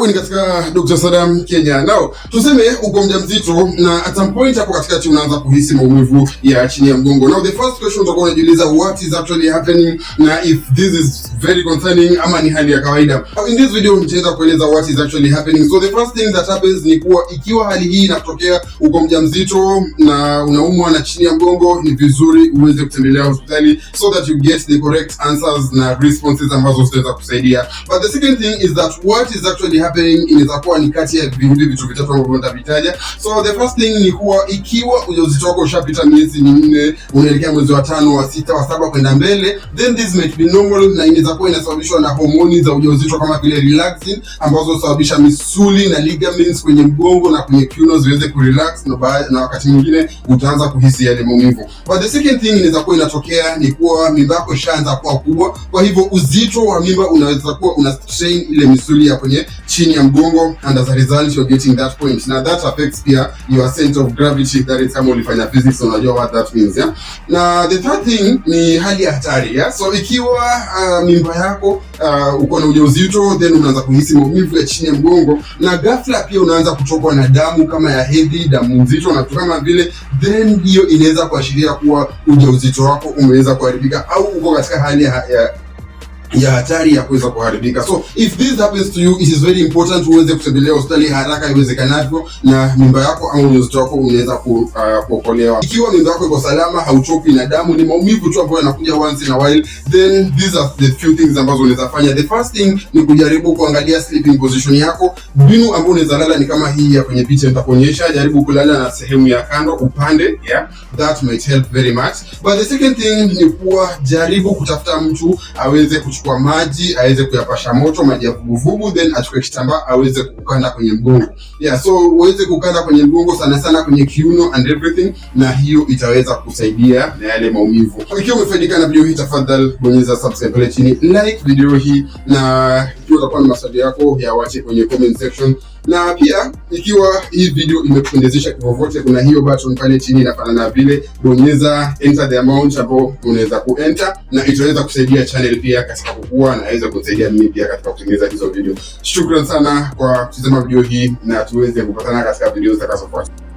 Karibu ni katika Dr. Saddam Kenya. Nao tuseme uko mjamzito na at some point hapo katikati unaanza kuhisi maumivu ya chini ya mgongo. Now the first question utakuwa unajiuliza what is actually happening na if this is very concerning ama ni hali ya kawaida. In this video nitaweza kueleza what is actually happening. So the first thing that happens ni kuwa ikiwa hali hii inatokea, uko mjamzito na unaumwa na chini ya mgongo, ni vizuri uweze kutembelea hospitali so that you get the correct answers na responses ambazo zitaweza kusaidia. But the second thing is that what is actually happening inaweza kuwa ni kati ya vingi vitu vitatu ambavyo nitavitaja. So the first thing ni kuwa ikiwa ujauzito wako ushapita miezi minne, unaelekea mwezi wa tano, wa sita, wa saba kwenda mbele, then this might be normal na inaweza inaweza kuwa inasababishwa na homoni za ujauzito kama vile relaxin ambazo husababisha misuli na ligaments kwenye mgongo na kwenye kiuno ziweze kurelax na, ba, na wakati mwingine utaanza kuhisi yale maumivu. But the second thing inaweza kuwa inatokea ni kuwa mimba yako ishaanza kuwa kubwa, kwa hivyo uzito wa mimba unaweza kuwa una strain ile misuli ya kwenye chini ya mgongo and as a result you're getting that point Now that affects pia your sense of gravity that is kama ulifanya physics so unajua what that means yeah? Na the third thing ni hali ya hatari yeah? So ikiwa uh, mimba mimba yako, uh, uko na ujauzito, then unaanza kuhisi maumivu ya chini ya mgongo, na ghafla pia unaanza kutokwa na damu kama ya hedhi, damu nzito na kama vile, then hiyo inaweza kuashiria kuwa ujauzito wako umeweza kuharibika au uko katika hali ya, ya ya hatari ya kuweza kuharibika. So if this happens to you, it is very important uweze kutembelea hospitali haraka iwezekanavyo, na mimba yako au ujauzito wako unaweza uh, kuokolewa. Uh, ikiwa mimba yako iko salama, hauchoki na damu, ni maumivu tu ambayo yanakuja once in a while, then these are the few things ambazo unaweza fanya. The first thing ni kujaribu kuangalia sleeping position yako. Mbinu ambayo unaweza lala ni kama hii ya kwenye picha nitakuonyesha. Jaribu kulala na sehemu ya kando, upande, yeah, that might help very much. But the second thing ni kuwa jaribu kutafuta mtu aweze kuchu kuchukua maji aweze kuyapasha moto, maji ya vuguvugu, then achukue kitambaa aweze kukanda kwenye mgongo. Yeah, so uweze kukanda kwenye mgongo sana sana kwenye kiuno and everything, na hiyo itaweza kusaidia na yale maumivu. Ikiwa umefaidika na video hii, tafadhali bonyeza subscribe pale chini, like video hii na kuwa na maswali yako yawache kwenye comment section, na pia ikiwa hii video imekupendezesha kivovote kuna hiyo button pale chini inafanana vile, bonyeza enter the amount hapo, unaweza kuenter na itaweza kusaidia channel pia katika kukua, na inaweza kusaidia mimi pia katika kutengeneza hizo video. Shukrani sana kwa kutazama video hii na tuweze kupatana katika video zitakazofuata.